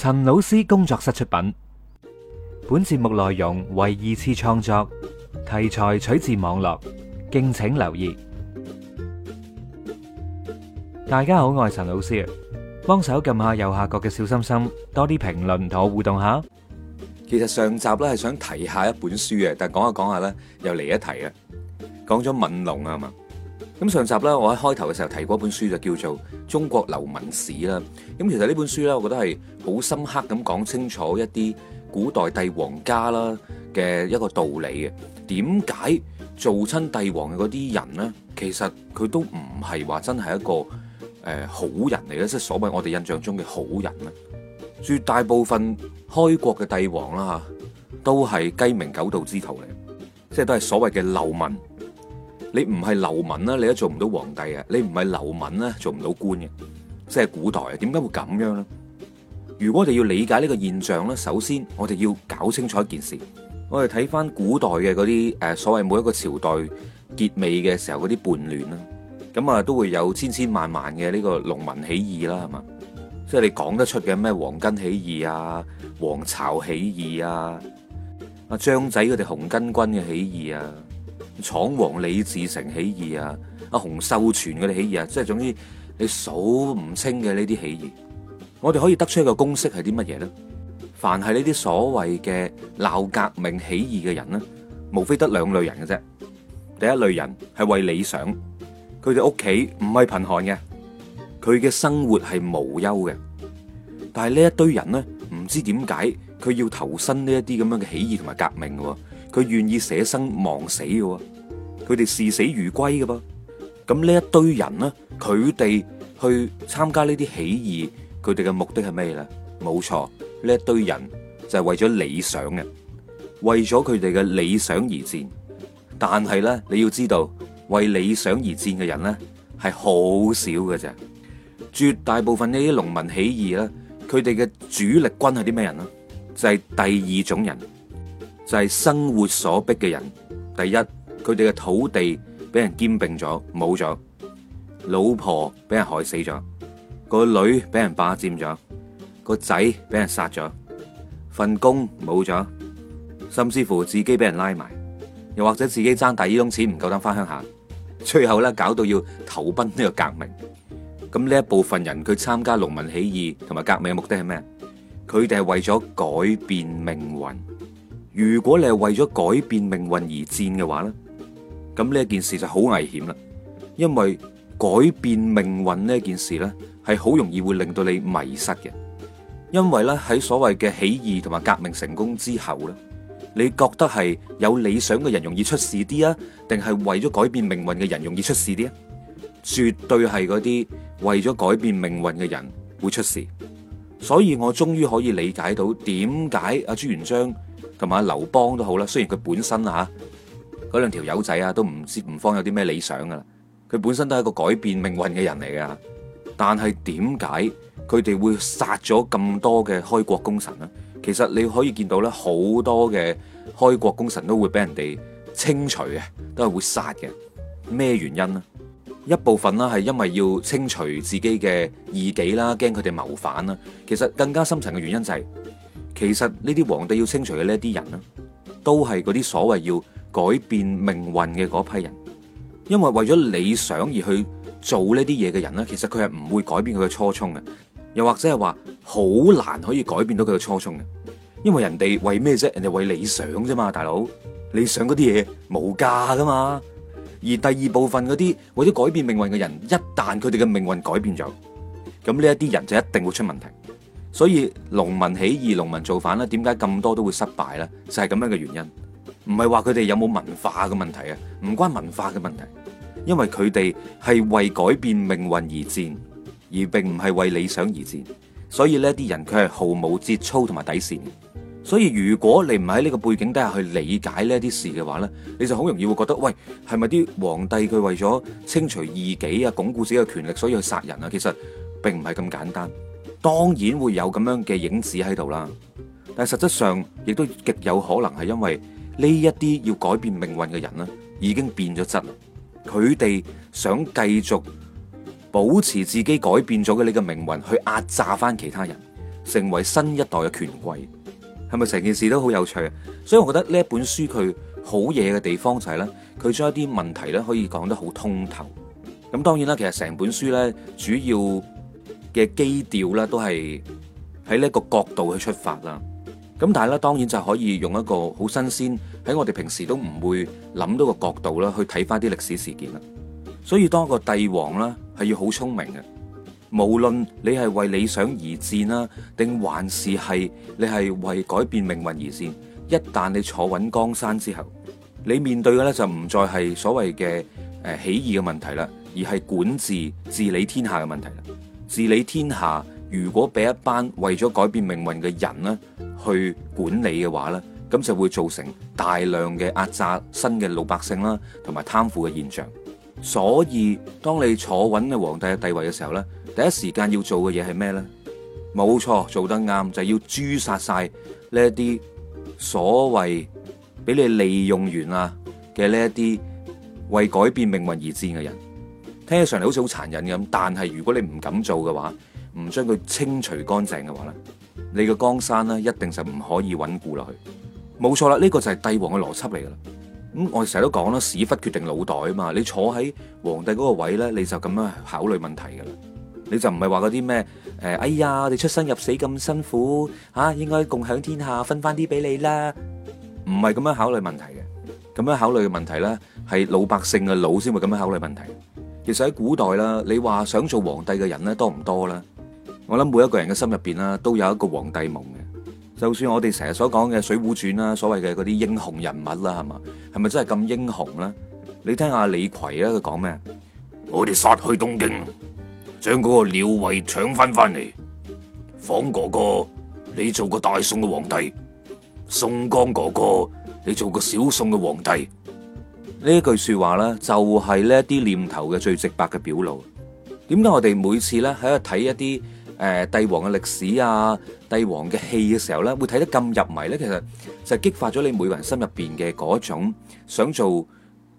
陳老師工作室出品，本節目內容為二次創作，題材取自網絡，敬請留意。大家好，我係陳老師啊，幫手撳下右下角嘅小心心，多啲評論同我互動下。其實上集咧係想提下一本書嘅，但講下講下咧又嚟一提啊，講咗《文龍》啊嘛。咁上集咧，我喺開頭嘅時候提過一本書就叫做《中國流民史》啦。咁其實呢本書咧，我覺得係好深刻咁講清楚一啲古代帝王家啦嘅一個道理嘅。點解做親帝王嘅嗰啲人咧，其實佢都唔係話真係一個誒好人嚟嘅，即係所謂我哋印象中嘅好人咧。絕大部分開國嘅帝王啦吓，都係雞鳴狗盜之徒嚟，即係都係所謂嘅流民。你唔係流氓啦，你都做唔到皇帝啊！你唔係流氓咧，做唔到官嘅，即係古代啊！點解會咁樣咧？如果我哋要理解呢個現象咧，首先我哋要搞清楚一件事，我哋睇翻古代嘅嗰啲誒，所謂每一個朝代結尾嘅時候嗰啲叛亂啦，咁啊都會有千千萬萬嘅呢個農民起義啦，係嘛，即係你講得出嘅咩黃巾起義啊、黃巢起義啊、阿張仔佢哋紅巾軍嘅起義啊。闖王李自成起義啊，阿洪秀全嗰啲起義啊，即係總之你數唔清嘅呢啲起義，我哋可以得出一個公式係啲乜嘢咧？凡係呢啲所謂嘅鬧革命起義嘅人咧，無非得兩類人嘅啫。第一類人係為理想，佢哋屋企唔係貧寒嘅，佢嘅生活係無憂嘅，但係呢一堆人咧唔知點解佢要投身呢一啲咁樣嘅起義同埋革命嘅。佢願意捨生忘死嘅，佢哋視死如歸嘅噃。咁呢一堆人呢，佢哋去參加呢啲起義，佢哋嘅目的係咩咧？冇錯，呢一堆人就係為咗理想嘅，為咗佢哋嘅理想而戰。但係咧，你要知道，為理想而戰嘅人咧係好少嘅啫。絕大部分呢啲農民起義咧，佢哋嘅主力軍係啲咩人咧？就係第二種人。就係、是，生活所逼嘅人，第一佢哋嘅土地俾人兼併咗，冇咗老婆俾人害死咗，個女俾人霸佔咗，個仔俾人殺咗，份工冇咗，甚至乎自己俾人拉埋，又或者自己爭大耳窿錢唔夠膽返鄉下，最後咧搞到要投奔呢個革命。咁呢一部分人佢參加農民起義同埋革命嘅目的係咩？佢哋係為咗改變命運。如果你係為咗改變命運而戰嘅話咧，咁呢一件事就好危險啦。因為改變命運呢一件事咧，係好容易會令到你迷失嘅。因為咧，喺所謂嘅起義同埋革命成功之後咧，你覺得係有理想嘅人容易出事啲啊？定係為咗改變命運嘅人容易出事啲啊？絕對係嗰啲為咗改變命運嘅人會出事。所以我終於可以理解到點解阿朱元璋。同埋劉邦都好啦，雖然佢本身啊，嗰兩條友仔啊，都唔知唔方有啲咩理想噶啦，佢本身都係一個改變命運嘅人嚟噶。但係點解佢哋會殺咗咁多嘅開國功臣呢？其實你可以見到咧，好多嘅開國功臣都會俾人哋清除嘅，都係會殺嘅。咩原因呢？一部分啦係因為要清除自己嘅異己啦，驚佢哋謀反啦。其實更加深層嘅原因就係。其實呢啲皇帝要清除嘅呢啲人咧，都係嗰啲所謂要改變命運嘅嗰批人，因為為咗理想而去做呢啲嘢嘅人咧，其實佢係唔會改變佢嘅初衷嘅，又或者係話好難可以改變到佢嘅初衷嘅，因為人哋為咩啫？人哋為理想啫嘛，大佬，理想嗰啲嘢無價噶嘛。而第二部分嗰啲為咗改變命運嘅人，一旦佢哋嘅命運改變咗，咁呢一啲人就一定會出問題。所以農民起義、農民造反咧，點解咁多都會失敗咧？就係咁樣嘅原因，唔係話佢哋有冇文化嘅問題啊，唔關文化嘅問題，因為佢哋係為改變命運而戰，而並唔係為理想而戰。所以呢啲人佢係毫無節操同埋底線。所以如果你唔喺呢個背景底下去理解呢啲事嘅話呢，你就好容易會覺得，喂，係咪啲皇帝佢為咗清除異己啊、鞏固自己嘅權力，所以去殺人啊？其實並唔係咁簡單。當然會有咁樣嘅影子喺度啦，但實質上亦都極有可能係因為呢一啲要改變命運嘅人呢已經變咗質啦。佢哋想繼續保持自己改變咗嘅你嘅命運，去壓榨翻其他人，成為新一代嘅權貴，係咪成件事都好有趣啊？所以我覺得呢本書佢好嘢嘅地方就係呢：佢將一啲問題呢可以講得好通透。咁當然啦，其實成本書呢主要。嘅基調咧，都係喺呢個角度去出發啦。咁但係咧，當然就可以用一個好新鮮喺我哋平時都唔會諗到個角度啦，去睇翻啲歷史事件啦。所以當個帝王咧，係要好聰明嘅。無論你係為理想而戰啦，定還是係你係為改變命運而戰。一旦你坐穩江山之後，你面對嘅咧就唔再係所謂嘅誒起義嘅問題啦，而係管治治理天下嘅問題啦。治理天下，如果俾一班為咗改變命運嘅人去管理嘅話呢，咁就會造成大量嘅壓榨新嘅老百姓啦，同埋貪腐嘅現象。所以，當你坐穩嘅皇帝嘅地位嘅時候呢，第一時間要做嘅嘢係咩呢？冇錯，做得啱就係要誅殺晒呢一啲所謂俾你利用完啦嘅呢一啲為改變命運而戰嘅人。聽起上嚟好似好殘忍咁，但係如果你唔敢做嘅話，唔將佢清除乾淨嘅話咧，你嘅江山咧一定就唔可以穩固落去，冇錯啦。呢、呢個就係帝王嘅邏輯嚟噶啦。咁我成日都講啦，屎忽決定腦袋啊嘛。你坐喺皇帝嗰個位咧，你就咁樣考慮問題噶啦。你就唔係話嗰啲咩誒？哎呀，你出生入死咁辛苦嚇、啊，應該共享天下分點給，分翻啲俾你啦。唔係咁樣考慮問題嘅，咁樣考慮嘅問題咧係老百姓嘅腦先會咁樣考慮問題。其實喺古代啦，你話想做皇帝嘅人咧多唔多咧？我諗每一個人嘅心入邊啦，都有一個皇帝夢嘅。就算我哋成日所講嘅《水滸傳》啦，所謂嘅嗰啲英雄人物啦，係嘛，係咪真係咁英雄咧？你聽下李逵咧，佢講咩？我哋殺去東京，將嗰個鳥位搶翻翻嚟。房哥哥，你做個大宋嘅皇帝；宋江哥哥，你做個小宋嘅皇帝。呢一句說話咧，就係呢一啲念頭嘅最直白嘅表露。點解我哋每次咧喺度睇一啲誒帝王嘅歷史啊、帝王嘅戲嘅時候咧，會睇得咁入迷咧？其實就係激發咗你每人心入邊嘅嗰種想做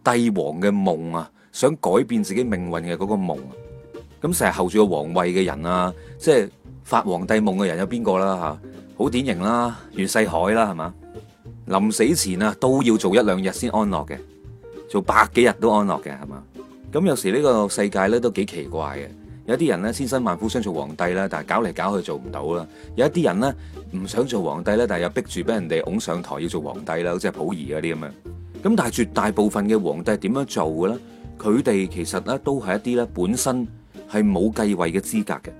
帝王嘅夢啊，想改變自己命運嘅嗰個夢。咁成日候住個皇位嘅人啊，即係發皇帝夢嘅人有邊個啦？吓，好典型啦，袁世凱啦，係嘛？臨死前啊，都要做一兩日先安樂嘅。做百幾日都安樂嘅係嘛？咁有時呢個世界咧都幾奇怪嘅，有啲人咧千辛萬苦想做皇帝啦，但係搞嚟搞去做唔到啦；有一啲人咧唔想做皇帝咧，但係又逼住俾人哋拱上台要做皇帝啦，好似係溥儀嗰啲咁樣。咁但係絕大部分嘅皇帝係點樣做嘅咧？佢哋其實咧都係一啲咧本身係冇繼位嘅資格嘅，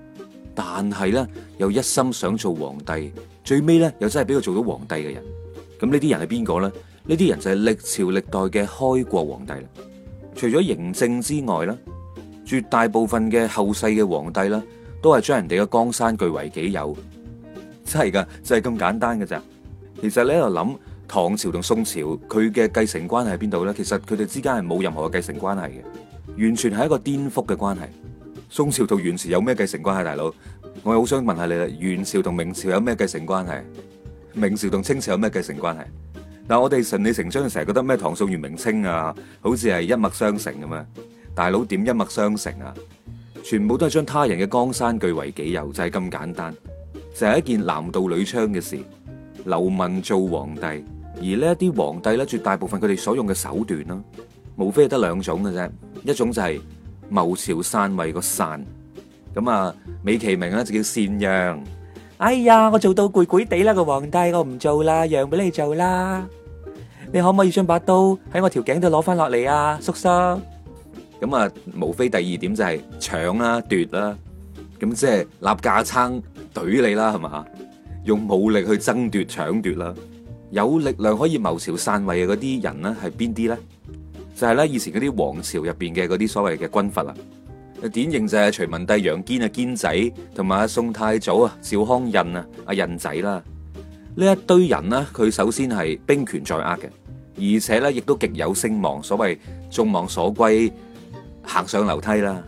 但係咧又一心想做皇帝，最尾咧又真係俾佢做到皇帝嘅人。咁呢啲人係邊個咧？呢啲人就係歷朝歷代嘅開國皇帝啦。除咗嬴政之外咧，絕大部分嘅後世嘅皇帝啦，都係將人哋嘅江山據為己有。真係噶，就係咁簡單噶咋。其實你喺度諗唐朝同宋朝佢嘅繼承關係喺邊度咧？其實佢哋之間係冇任何嘅繼承關係嘅，完全係一個顛覆嘅關係。宋朝同元朝有咩繼承關係？大佬，我好想問下你啦。元朝同明朝有咩繼承關係？明朝同清朝有咩繼承關係？嗱，我哋順理成章成日覺得咩唐宋元明清啊，好似係一脈相承咁啊！大佬點一脈相承啊？全部都係將他人嘅江山據為己有，就係咁簡單，就係一件男盜女娼嘅事。流氓做皇帝，而呢一啲皇帝咧，絕大部分佢哋所用嘅手段啦，無非係得兩種嘅啫，一種就係謀朝篡位個篡，咁啊，美其名咧就叫禪讓。哎呀，我做到攰攰地啦，個皇帝，我唔做啦，讓俾你做啦。你可唔可以將把刀喺我條頸度攞翻落嚟啊，叔叔？咁啊，無非第二點就係搶啦、奪啦、啊，咁、啊、即係立架撐懟你啦、啊，係咪？用武力去爭奪、搶奪啦，有力量可以謀朝篡位嘅嗰啲人、啊、是哪呢，係邊啲咧？就係咧以前嗰啲王朝入邊嘅嗰啲所謂嘅軍閥啦、啊。典型就係隋文帝楊堅啊堅仔，同埋啊宋太祖康印啊趙匡胤啊阿胤仔啦、啊。呢一堆人呢、啊，佢首先係兵權在握嘅。而且咧，亦都極有聲望，所謂眾望所歸，行上樓梯啦。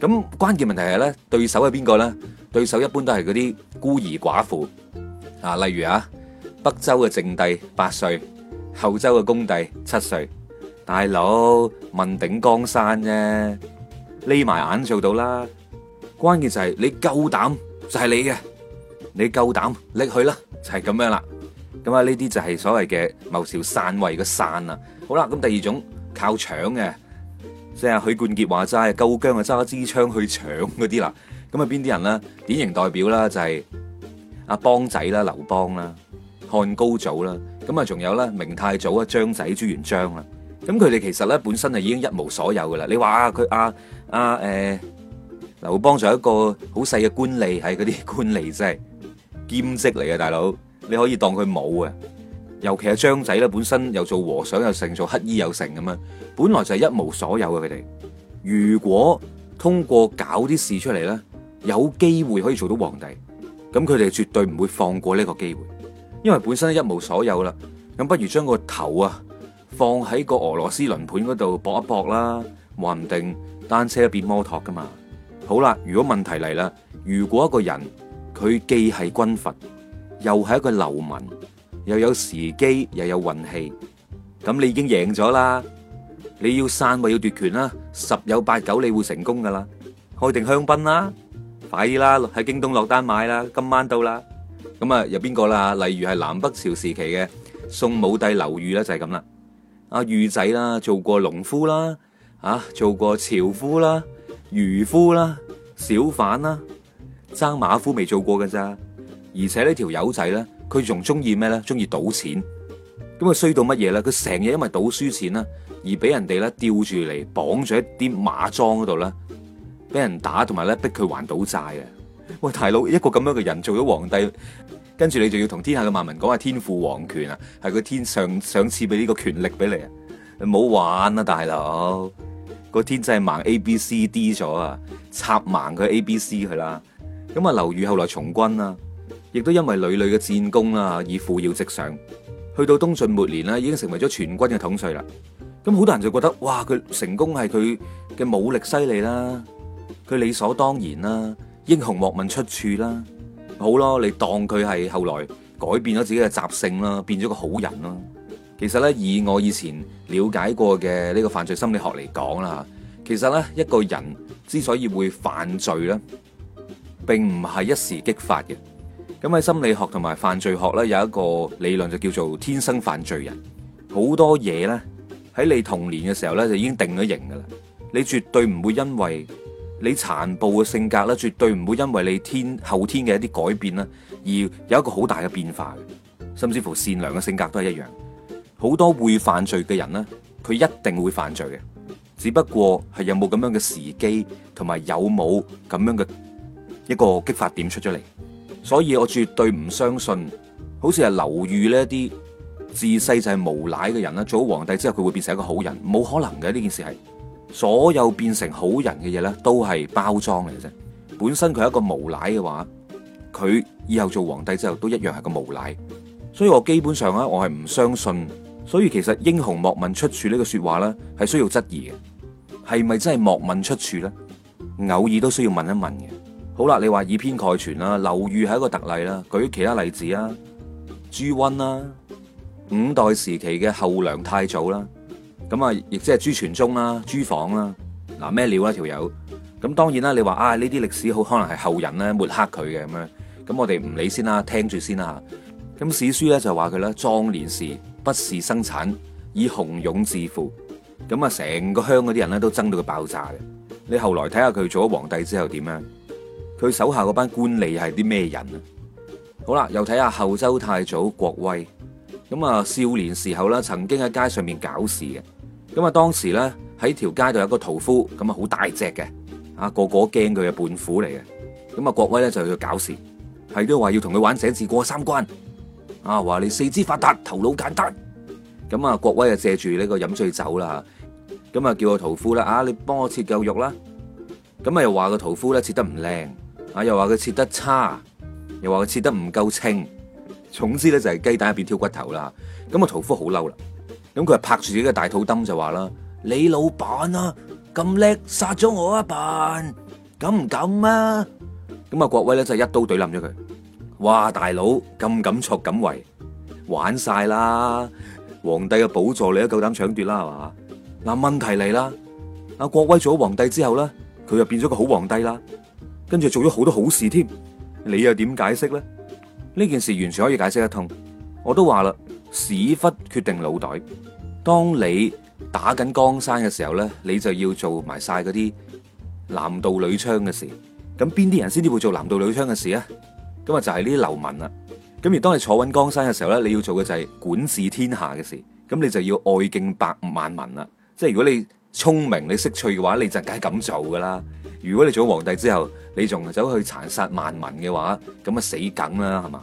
咁關鍵問題係咧，對手係邊個咧？對手一般都係嗰啲孤兒寡婦啊，例如啊，北周嘅靜帝八歲，後周嘅恭帝七歲。大佬問鼎江山啫，眯埋眼做到啦。關鍵就係你夠膽，就係你嘅，你夠膽搦去啦，就係咁樣啦。咁啊，呢啲就係所謂嘅謀朝篡位嘅篡啦。好啦，咁第二種靠搶嘅，即係阿許冠傑話齋，夠薑就揸支槍去搶嗰啲啦。咁啊，邊啲人咧？典型代表啦，就係阿邦仔啦，劉邦啦，漢高祖啦。咁啊，仲有啦，明太祖啊，張仔朱元璋啦。咁佢哋其實咧，本身係已經一無所有噶啦。你話啊，佢阿阿誒，劉邦仲有一個好細嘅官吏，係嗰啲官吏即係兼職嚟嘅，大佬。你可以當佢冇啊，尤其係張仔咧，本身又做和尚又成，做乞衣又成咁啊。本來就係一無所有嘅佢哋，如果通過搞啲事出嚟咧，有機會可以做到皇帝，咁佢哋絕對唔會放過呢個機會，因為本身一無所有啦。咁不如將個頭啊放喺個俄羅斯輪盤嗰度搏一搏啦，話唔定單車變摩托噶嘛。好啦，如果問題嚟啦，如果一個人佢既係軍閥，又係一個流民，又有時機，又有運氣，咁你已經贏咗啦！你要散位，要奪權啦，十有八九你會成功噶啦！開定香檳啦，快啲啦，喺京東落單買啦，今晚到啦！咁啊，有邊個啦？例如係南北朝時期嘅宋武帝劉裕啦，就係咁啦。阿裕仔啦，做過農夫啦，啊，做過樵夫啦、漁夫啦、小販啦，爭馬夫未做過噶咋？而且這呢條友仔咧，佢仲中意咩咧？中意賭錢咁啊！衰到乜嘢咧？佢成日因為賭輸錢啦，而俾人哋咧吊住嚟綁住一啲馬樁嗰度啦，俾人打，同埋咧逼佢還賭債啊！喂，大佬一個咁樣嘅人做咗皇帝，就跟住你仲要同天下嘅萬民講話天賦皇權啊，係佢天上上賜俾呢個權力俾你啊！你唔好玩啊，大佬個天真係盲 A B C D 咗啊，插盲佢 A B C 佢啦。咁啊，劉裕後來從軍啊。亦都因為累累嘅戰功啊，而扶搖直上，去到東晉末年咧，已經成為咗全軍嘅統帥啦。咁好多人就覺得，哇！佢成功係佢嘅武力犀利啦，佢理所當然啦，英雄莫問出處啦。好咯，你當佢係後來改變咗自己嘅習性啦，變咗個好人啦。其實咧，以我以前了解過嘅呢個犯罪心理學嚟講啦，其實咧一個人之所以會犯罪啦，並唔係一時激發嘅。咁喺心理學同埋犯罪學咧，有一個理論就叫做天生犯罪人。好多嘢咧喺你童年嘅時候咧就已經定咗型噶啦，你絕對唔會因為你殘暴嘅性格咧，絕對唔會因為你天後天嘅一啲改變咧，而有一個好大嘅變化，甚至乎善良嘅性格都係一樣，好多會犯罪嘅人咧，佢一定會犯罪嘅，只不過係有冇咁樣嘅時機，同埋有冇咁樣嘅一個激發點出咗嚟。所以我絕對唔相信，好似係劉裕呢一啲自細就係無賴嘅人啦。做皇帝之後佢會變成一個好人，冇可能嘅呢件事係。所有變成好人嘅嘢咧，都係包裝嚟嘅啫。本身佢係一個無賴嘅話，佢以後做皇帝之後都一樣係個無賴。所以我基本上咧，我係唔相信。所以其實英雄莫問出處呢個說話咧，係需要質疑嘅，係咪真係莫問出處咧？偶爾都需要問一問嘅。好啦，你話以偏概全啦，劉裕係一個特例啦，舉其他例子啊，朱温啦，五代時期嘅後梁太祖啦，咁啊，亦即係朱全忠啦、朱晃啦，嗱，咩料啊條友，咁、啊、當然啦，你話啊呢啲歷史好可能係後人咧抹黑佢嘅，咁樣，咁我哋唔理先啦，聽住先啦，咁史書咧就話佢咧壯年時不事生產，以雄勇致富，咁啊成個鄉嗰啲人咧都憎到佢爆炸嘅，你後來睇下佢做咗皇帝之後點樣。.佢手下嗰班官吏係啲咩人啊？好啦，又睇下後周太祖郭威咁啊，少年時候啦，曾經喺街上面搞事嘅。咁啊，當時咧喺條街度有個屠夫，咁啊好大隻嘅，啊個個驚佢嘅胖虎嚟嘅。咁啊，郭威咧就要搞事，係都話要同佢玩寫字過三關。啊，話你四肢發達頭腦簡單。咁啊，郭威啊借住呢個飲醉酒啦，咁啊叫個屠夫啦，啊你幫我切嚿肉啦。咁啊又話個屠夫咧切得唔靚。啊！又話佢切得差，又話佢切得唔夠清。總之咧就係雞蛋入邊挑骨頭啦。咁個屠夫好嬲啦。咁佢係拍住自己嘅大肚燈就話啦，你老闆啊，咁叻殺咗我一棒，敢唔敢啊？咁啊，郭威咧就係一刀懟冧咗佢。哇！大佬咁敢作敢為，玩晒啦！皇帝嘅寶座你都夠膽搶奪啦，係嘛？嗱，問題嚟啦！阿郭威做咗皇帝之後咧，佢就變咗個好皇帝啦。跟住做咗好多好事添，你又點解釋咧？呢件事完全可以解釋得通。我都話啦，屎忽決定腦袋。當你打緊江山嘅時候咧，你就要做埋晒嗰啲男盜女娼嘅事。咁邊啲人先至會做男盜女娼嘅事咧？咁啊就係呢啲流民啦。咁而當你坐穩江山嘅時候咧，你要做嘅就係管治天下嘅事。咁你就要愛敬百萬民啦。即係如果你聰明你識趣嘅話，你就梗係咁做噶啦。如果你做咗皇帝之後，你仲走去殘殺萬民嘅話，咁啊死梗啦，係嘛？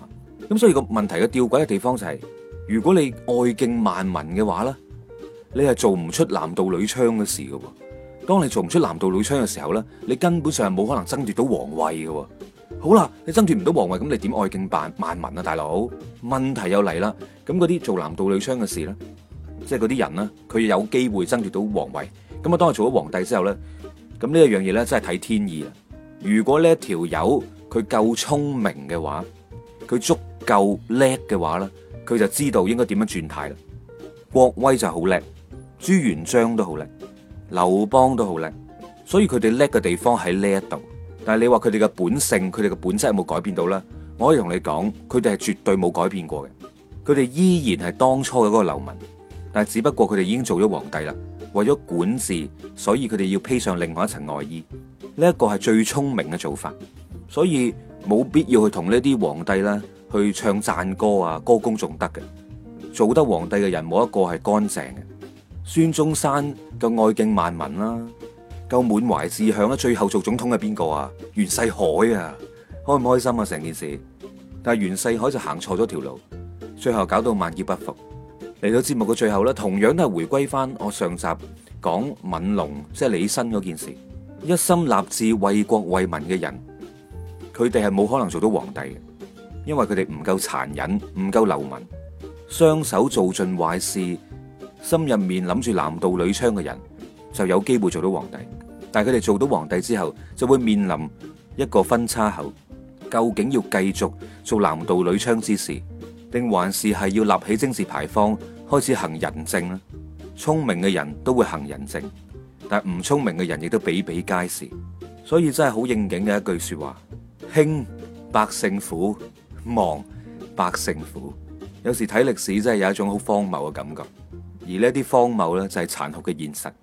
咁所以個問題嘅吊詭嘅地方就係，如果你愛敬萬民嘅話咧，你係做唔出男盜女娼嘅事嘅。當你做唔出男盜女娼嘅時候咧，你根本上係冇可能爭奪到皇位嘅。好啦，你爭奪唔到皇位，咁你點愛敬萬民啊，大佬？問題又嚟啦，咁嗰啲做男盜女娼嘅事咧，即係嗰啲人咧，佢有機會爭奪到皇位，咁啊，當我做咗皇帝之後咧。咁呢一樣嘢咧，真係睇天意啊！如果呢一條友佢夠聰明嘅話，佢足夠叻嘅話咧，佢就知道應該點樣轉態啦。郭威就好叻，朱元璋都好叻，劉邦都好叻，所以佢哋叻嘅地方喺呢一度。但係你話佢哋嘅本性，佢哋嘅本質有冇改變到咧？我可以同你講，佢哋係絕對冇改變過嘅，佢哋依然係當初嘅嗰個流氓，但係只不過佢哋已經做咗皇帝啦。為咗管治，所以佢哋要披上另外一層外衣，呢一個係最聰明嘅做法，所以冇必要去同呢啲皇帝啦去唱讚歌啊，歌功頌德。嘅，做得皇帝嘅人冇一個係乾淨嘅。孫中山嘅愛敬萬民啦，夠滿懷志向啦，最後做總統係邊個啊？袁世凱啊，開唔開心啊？成件事，但係袁世凱就行錯咗條路，最後搞到萬劫不復。嚟到節目嘅最後咧，同樣都係回歸翻我上集講敏龍即係、就是、李新嗰件事。一心立志為國為民嘅人，佢哋係冇可能做到皇帝嘅，因為佢哋唔夠殘忍，唔夠流氓，雙手做盡壞事，心入面諗住男盜女娼嘅人，就有機會做到皇帝。但係佢哋做到皇帝之後，就會面臨一個分叉口，究竟要繼續做男盜女娼之事，定還是係要立起政治牌坊？開始行仁政啦，聰明嘅人都會行仁政，但係唔聰明嘅人亦都比比皆是，所以真係好應景嘅一句說話：興百姓苦，亡百姓苦。有時睇歷史真係有一種好荒謬嘅感覺，而呢啲荒謬呢，就係殘酷嘅現實。